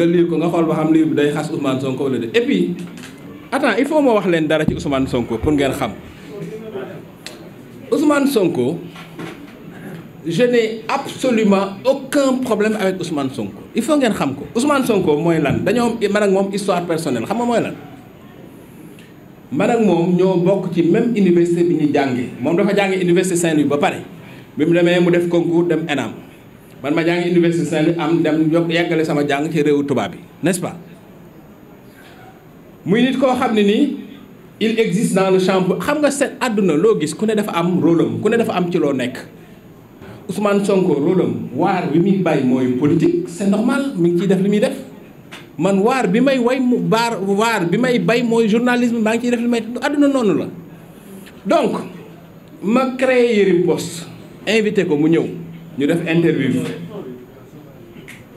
nga lire ko nga xool ba xam lire bi day xas Ousmane Sonko wala de et puis attends il faut moo wax leen dara ci Ousmane Sonko pour ngeen xam Ousmane Sonko je n'ai absolument aucun problème avec Ousmane Sonko il faut ngeen xam ko Ousmane Sonko mooy lan dañoo man ak moom histoire personnel xam nga mooy lan man ak moom ñoo bokk ci même université bi ñu jàngee moom dafa jàngee université Saint-Louis ba pare bi mu demee mu def concours dem ENAM man ma jàng université Saint-Louis am dem yokk yeggale sama jàng ci réewu tubaab bi n'est-ce muy nit koo xam ne nii il existe dans le champ xam nga seen àdduna loo gis ku ne dafa am role am ku ne dafa am ci loo nekk Ousmane Sonko rôle am waar bi muy bàyyi mooy politique c'est normal mu ngi ciy def li muy def man waar bi may way mu baar waar bi may bay mooy journalisme maa ngi ciy def li may àdduna noonu la donc ma créé Yérim Post invité ko mu ñëw. ñu def interview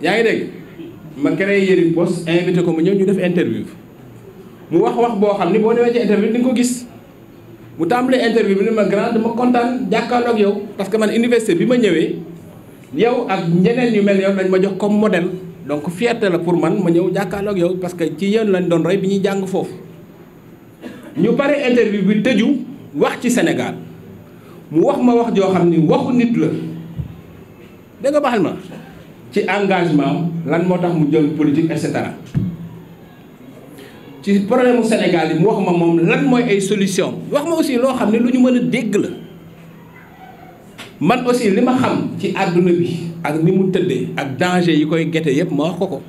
yaa ngi dégg ma créé Yërim Post invité ko mu ñëw ñu def interview mu wax wax boo xam ni boo demee ci interview di ko gis mu tàmbalee interview bi ni ma grand ma kontaan jàkkaarloog yow parce que man université bi ma ñëwee yow ak ñeneen yu mel yow dañ ma jox comme modèle donc fierté la pour man ma ñëw jàkkaarloog yow parce que ci yéen lañ doon rey bi ñuy jàng foofu ñu pare interview bi tëju wax ci Sénégal mu wax ma wax joo xam ni waxu nit la da nga baal ma ci engagement lan moo tax mu jël politique et cetera ci problème mu Sénégal yi mu wax ma moom lan mooy ay solution wax ma aussi loo xam ne lu ñu mën a dégg la man aussi li ma xam ci àdduna bi ak ni mu tëddee ak danger yi koy gete yëpp ma wax ko ko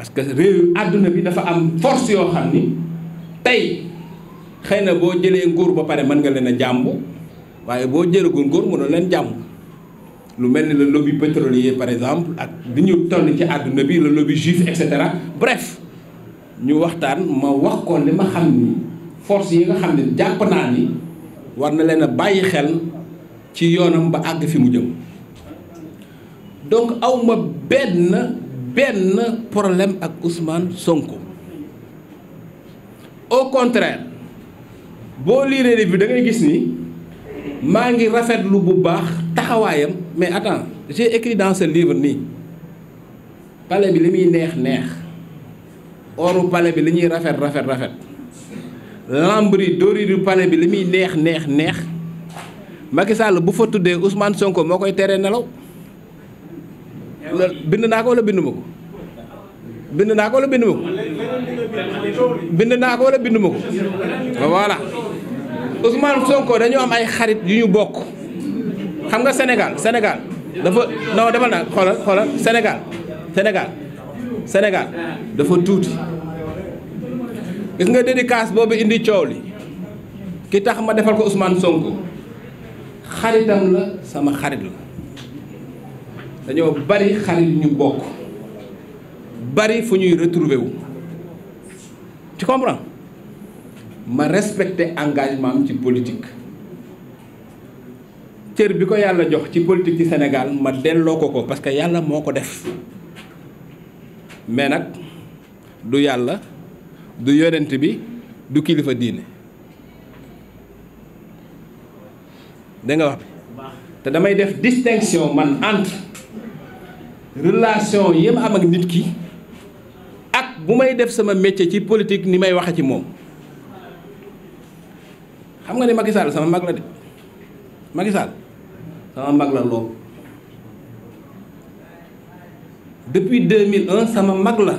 parce que réew àdduna bi dafa am force yoo xam ni tey xëy na boo jëlee nguur ba pare mën nga leen a jàmbu waaye boo jëlagul nguur mënoo leen jàmbu lu mel ni le lobby pétrolier par exemple ak bi ñu toll ci àdduna bi le lobby juif et bref ñu waxtaan ma wax ko li ma xam ni force yi nga xam ne jàpp naa ni war na leen bàyyi xel ci yoonam ba àgg fi mu jëm donc awma benn benn problème ak Ousmane Sonko au contraire boo liiree bi da ngay gis ni. maa ngi rafet lu bu baax taxawaayam mais attends j'ai écrit dans ce livre nii pale bi li muy neex neex oru palais bi li ñuy rafet rafet rafet lambri doriru pale bi li muy neex neex neex Macky Sall bu fa tuddee Ousmane Sonko moo koy teree nelaw loolu bind naa ko wala bindu ma ko bind naa ko la bindu bind naa ko wala bindu ma ko voilà Ousmane Sonko dañoo am ay xarit yu ñu bokk xam nga Sénégal Sénégal dafa non demal naa xoolal xoolal Sénégal Sénégal Sénégal dafa tuuti gis nga kaas boobu indi coow li ki tax ma defal ko Ousmane Sonko xaritam la sama xarit la dañoo bari xarit ñu bokk bari fu ñuy retrouver wu ma respecté engagement am ci politique cër bi ko yàlla jox ci politique ci Sénégal ma delloo ko ko parce que yàlla moo ko def mais nag du yàlla du yonent bi du kilifa diine danga nga wax bi te damay def distinction man entre relation yi am ak nit ki ak bu may def sama métier ci politique ni may waxe ci moom xam nga ne Macky Sall sama mag la de Macky sama mag la lool depuis 2001 sama mag la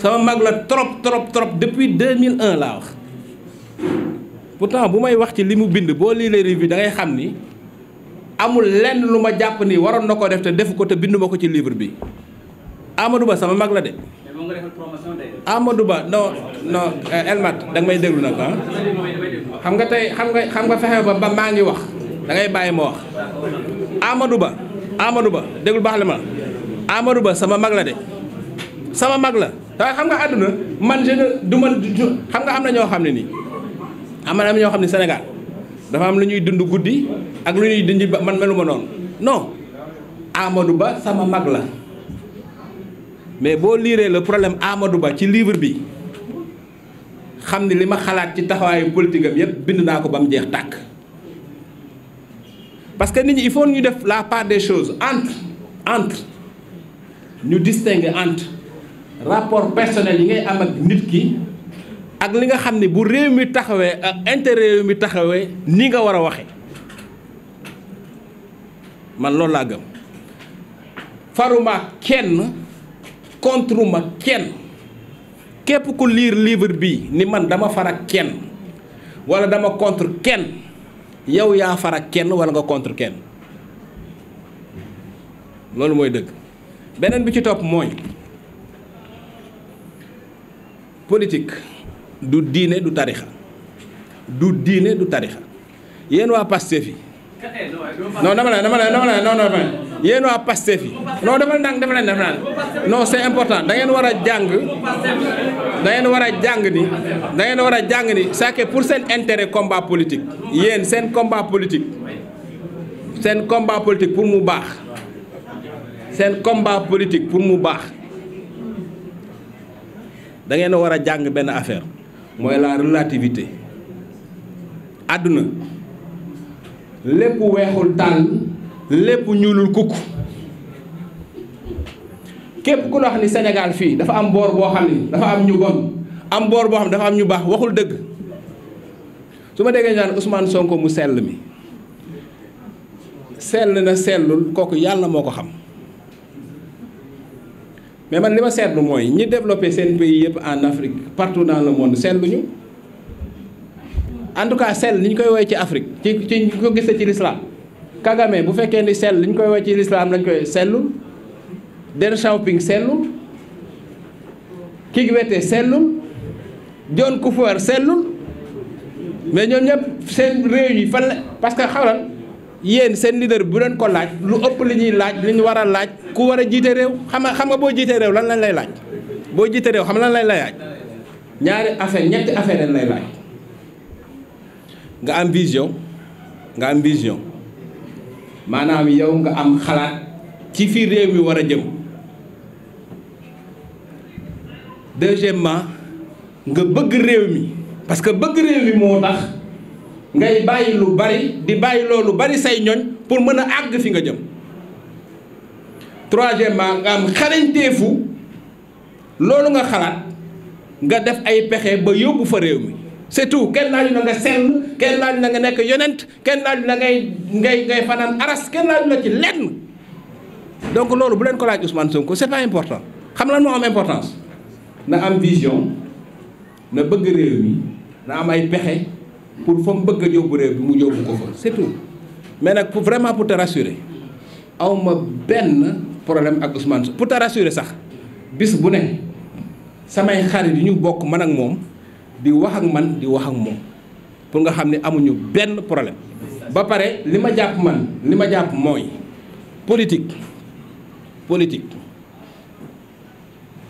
sama mag la trop trop trop depuis 2001 laa wax pourtant bu may wax ci li mu bind boo lii lay revue da ngay xam ni amul lenn lu ma jàpp ni waroon na ko def te defu ko te bindu ko ci libre bi Amadou Ba sama mag la de. Amadou Ba non Elmat da may déglu nag ah. xam nga tey xam nga xam nga fexe ba ba maa ngi wax dangay bàyyi ma wax Amadou Ba amadu Ba déglu baax ma Amadou Ba sama mag la de sama mag la waaye xam nga àdduna man je xam nga am na ñoo xam ne nii am na ñoo xam ne Sénégal dafa am lu ñuy dund guddi ak lu ñuy dund ba man melu ma noonu non Amadou Ba sama mag la mais boo liiree la problème Amadou Ba ci livre bi. xam ne li ma xalaat ci taxawaayu politique am yëpp bind naa ko ba mu jeex tàkk parce que nit ñi il faut ñu def la part des choses entre entre ñu distinguer entre rapport personnel yi ngay am ak nit ki ak li nga xam ne bu réew mi taxawee ak intérêt mi taxawee ni nga war a waxe man loolu laa gëm faruma kenn contre ma kenn képp ku liir livre bi ni man dama far ak kenn wala dama contre kenn yow yaa far ak kenn wala nga contre kenn loolu mooy dëgg beneen bi ci topp mooy politik du diine du tarixa du diine du tarixa yéen waa Pastef yi non dama ne dama ne dama ne yéen waa Pastef yi non dafa ndànk dafa leen dafa naan non c'est important da ngeen war a jàng dangeen war a jàng ni da ngeen war a jàng ni pour seen intérêt combat politique yéen seen combat politique seen combat politique pour mu baax seen combat politique pour mu baax da ngeen war a jàng benn affaire mooy la relativité àdduna lépp weexul tàll lépp ñuulul kukk képp ku la wax ni Sénégal fii dafa am boor boo xam ni dafa am ñu bon am boor boo xam dafa am ñu baax waxul dëgg su ma déggee ñaan Ousmane Sonko mu sell mi sell na sellul kooku yàlla moo ko xam mais man li ma seetlu mooy ñi développé seen pays yëpp en Afrique partout dans le monde selluñu en tout cas sell ni ñu koy woowee ci Afrique ci ci ñu ko gisee ci lislaam Kagame bu fekkee ni sell ñu koy wax ci lislaam lañ koy sellul Deng Xiaoping sellul Kikwete sellul John Kufuor sellul mais ñoom ñëpp seen réew yi fan la parce que xawral yéen seen leader bu leen ko laaj lu ëpp li ñuy laaj li ñu war a laaj ku war a jiite réew xam nga xam boo jiitee réew lan lañ lay laaj boo jiite réew xam lan lañ lay laaj ñaari affaire ñetti affaire lañ lay laaj nga am vision nga am vision maanaam yow nga am xalaat ci fi réew mi war a jëm deuxièmement nga bëgg réew mi parce que bëgg réew mi moo tax ngay bàyyi lu bari di bàyyi loolu bari say ñoñ pour mën a àgg fi nga jëm troisièmement nga am xarañteefu loolu nga xalaat nga def ay pexe ba yóbbu fa réew mi c'est tout kenn laaju na nga sell kenn laaju na nga nekk yonent kenn laaju na ngay ngay ngay fanaan aras kenn laaju na ci lenn donc loolu bu leen ko laaj Ousmane Sonko c'est pas important xam lan moo am importance na am vision na bëgg réew mi na am ay pexe pour fa mu bëgg a yóbbu réew bi mu yóbbu ko fa c'est tout nag pour vraiment pour te rassurer aw ma benn problème ak Ousmane Sonko pour te rassurer sax bis bu ne samay xarit yi ñu bokk man ak moom. di wax ak man di wax ak moom pour nga xam ne amuñu benn problème ba pare li ma jàpp man li ma jàpp mooy politique politique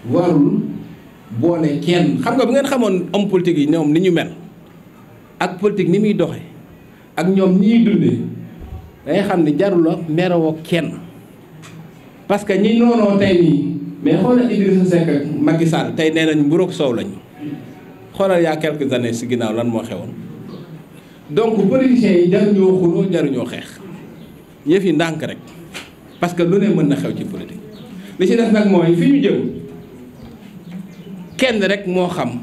warul boole kenn xam nga bu ngeen xamoon homme politique yi ñoom ni ñu mel ak politique ni muy doxe ak ñoom nii ñuy dundee xam ne jaruloo meroo kenn parce que ñi noonoo tey nii mais xoolal Idrissa Seck ak Macky Sall tey nee nañ mburoog soow lañu xoolal yaa quelques années si ginnaaw lan moo xewoon donc politiciens yi jaruñoo xuloo jaruñoo xeex yëf yi ndànk rek parce que lu ne mën na xew ci politique li ci def nag mooy fi ñu jëm kenn rek moo xam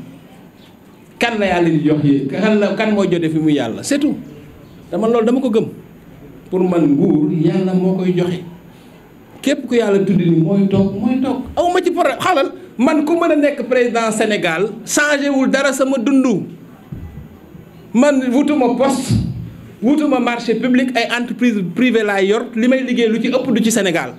kan la yàlla di jox yi kan kan moo jote fi muy yàlla c'est dama loolu dama ko gëm pour man nguur yàlla moo koy joxe képp ku yàlla tudd ni mooy toog mooy toog awma ci problème xaalal man ku mën a nekk président Sénégal changé wul dara sama dundu man wutuma poste wutuma marché public ay entreprise privée laay yor li may liggéey lu ci ëpp du ci Sénégal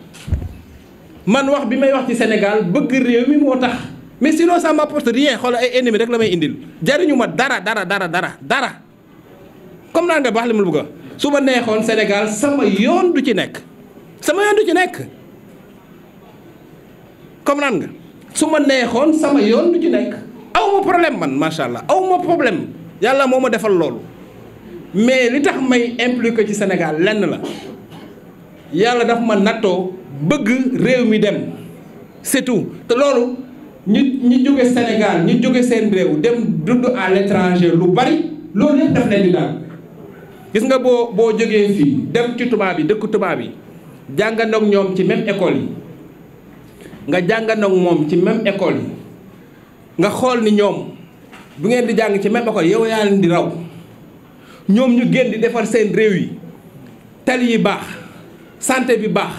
man wax bi may wax ci Sénégal bëgg réew mi moo tax mais sinon ça m'apporte rien xoolal ay ennemis rek la may indil jariñu ma dara dara dara dara dara comme naa nga ma bëgg a neexoon Sénégal sama yoon du ci nekk sama yoon du ci nekk comme naan nga su ma neexoon sama yoon lu ci nekk aw ma problème man macha allah aw ma problème yàlla moo ma defal loolu mais li tax may impliqué ci Sénégal lenn la yàlla dafa ma nattoo bëgg réew mi dem c'est te loolu ñu ñu jóge Sénégal ñu jóge seen réew dem dund à l'étranger lu bari loolu yëpp daf leen di daal gis nga boo boo jógee fii dem ci tubaab yi dëkk tubaab yi jàngandoog ñoom ci même école yi nga jàngandoog moom ci même école yi nga xool ni ñoom bu ngeen di jàng ci même école yow yaa leen di raw ñoom ñu génn di defar seen réew yi tali yi baax santé bi baax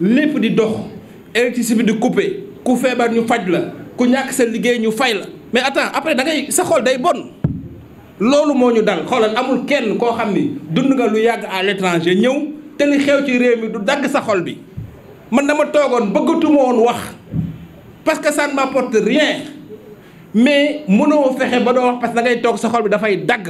lépp di dox électricité bi di coupé ku feebar ñu faj la ku ñàkk sa liggéey ñu fay la mais attends après dangay ngay sa xol day bon loolu moo ñu dal xoolal amul kenn koo xam ni dund nga lu yàgg à l'étranger ñëw te li xew ci réew mi du dagg sa xol bi man dama toogoon bëggatuma woon wax parce que ça ne m'apporte rien mais mënoo fexe ba doo wax parce que ngay toog sa xool bi dafay dagg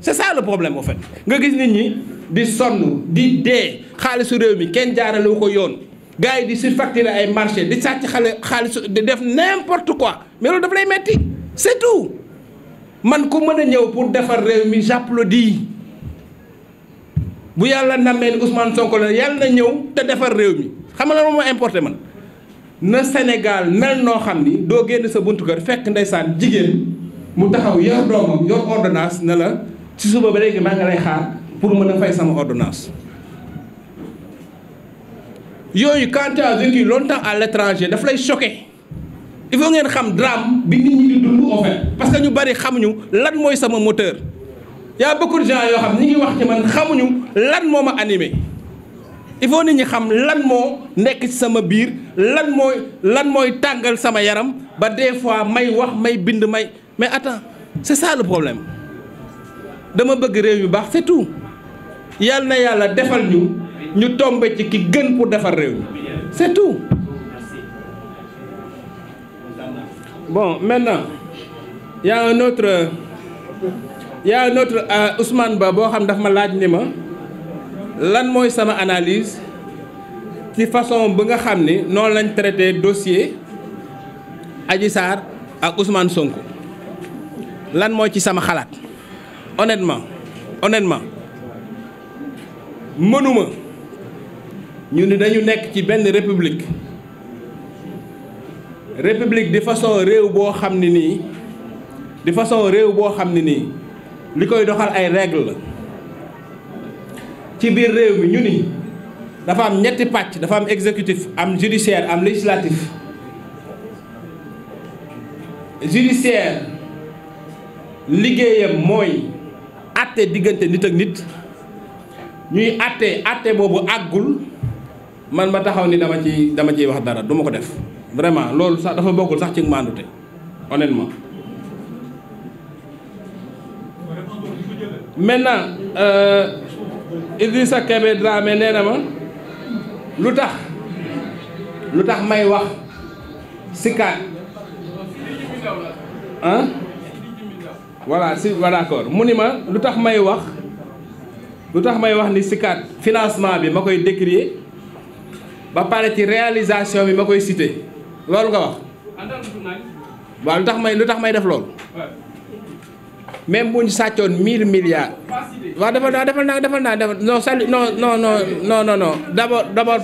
c'est ça le problème au fait nga gis nit ñi di sonn di dee xaalisu réew mi kenn jaarale wu ko yoon gars yi di surfacturer ay marché di sàcc xale xaalisu di def n'importe quoi mais loolu lay metti c'est man ku mën a ñëw pour defar réew mi j'applaudis bu yàlla namee ni Ousmane Sonko la yàlla na ñëw te defar réew mi xam nga la moo importé man na Sénégal mel noo xam ni doo génn sa buntu kër fekk ndeysaan jigéen mu taxaw yor doomam yor ordonnance la ci suba ba léegi maa ngi lay xaar pour mën a fay sama ordonnance. yooyu quand tu as vécu longtemps à daf lay choqué il faut ngeen xam drame bi nit ñi di dund en fait parce que ñu bari xamuñu lan mooy sama moteur. y a beaucoup yoo xam ni ngi wax ci man xamuñu lan moo ma animé il faut nit ñi xam lan moo nekk ci sama biir lan mooy lan mooy tàngal sama yaram ba des fois may wax may bind may mais attends c'est ça le problème dama bëgg réew yu baax c'est tout yàlla na yàlla defal ñu ñu tombe ci ki gën pour defar réew mi c'est bon maintenant y a un yaa notre euh, Ousmane Ba boo xam dafa ma laaj ni ma lan mooy sama analyse ci façon bi nga xam ni noonu lañ traité dossier Adji ak Ousmane Sonko lan mooy ci sama xalaat honnêtement honnêtement mënuma ñu ni dañu nekk ci benn république république di façon réew boo xam ne nii di façon réew boo xam ne nii li koy doxal ay règle la ci biir réew mi ñu ni dafa am ñetti pàcc dafa am exécutif am judiciaire am législatif judiciaire liggéeyam mooy àtte diggante nit ak nit ñuy àtte àtte boobu àggul man ma taxaw ni dama ci dama ciy wax dara duma ko def vraiment loolu sax dafa bokkul sax ci onen honnêtement maintenant euh, Idrissa Kébé Dramé nee na ma lu tax lu tax may wax Sicap ah voilà si voilà d'accord mu ni ma lu tax may wax lu tax may wax ni Sicap financement bi ma koy décrier ba pare ci réalisation bi ma koy citer loolu nga wax waaw lu tax may lu tax may def loolu même bu ñu sàccoon mille milliards waaw defal naa defal naa defal naa defal non sali non non non non non dama dama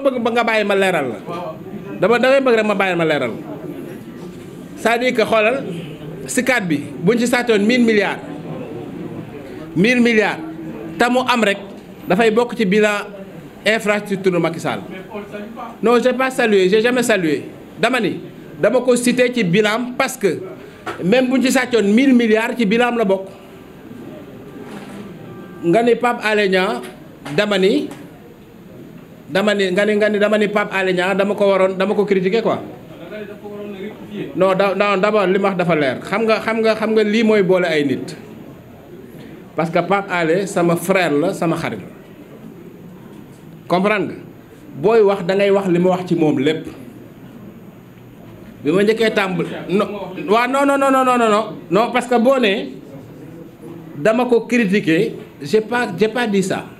bëgg nga bàyyi ma leeral la dama damay bëgg rek ma bàyyi ma leeral c'est-à-dire que xoolal Sicap bi bu ñu ci sàccoon mille milliards mille milliards mu am rek dafay bokk ci bilan infrastructure Macky Sall non j'ai pas salué j'ai jamais salué dama ni. dama ko cité ci bilan parce que même bu ñu ci sàccoon 1000 milliards ci bilan la bokk nga ni Pape Alé dama ni dama ni nga ni nga ni dama ni Pape Alé dama ko waroon dama ko critiquer ko non da non li ma wax dafa leer xam nga xam nga xam nga lii mooy boole ay nit parce que Pape Alé sama frère la sama xarit la comprendre nga booy wax da ngay wax li ma wax ci moom lépp. bi ma njëkkee tàmbali non waaw non non non non non non parce que boo nee dama ko critiquer je pas j'ai pas dit ça.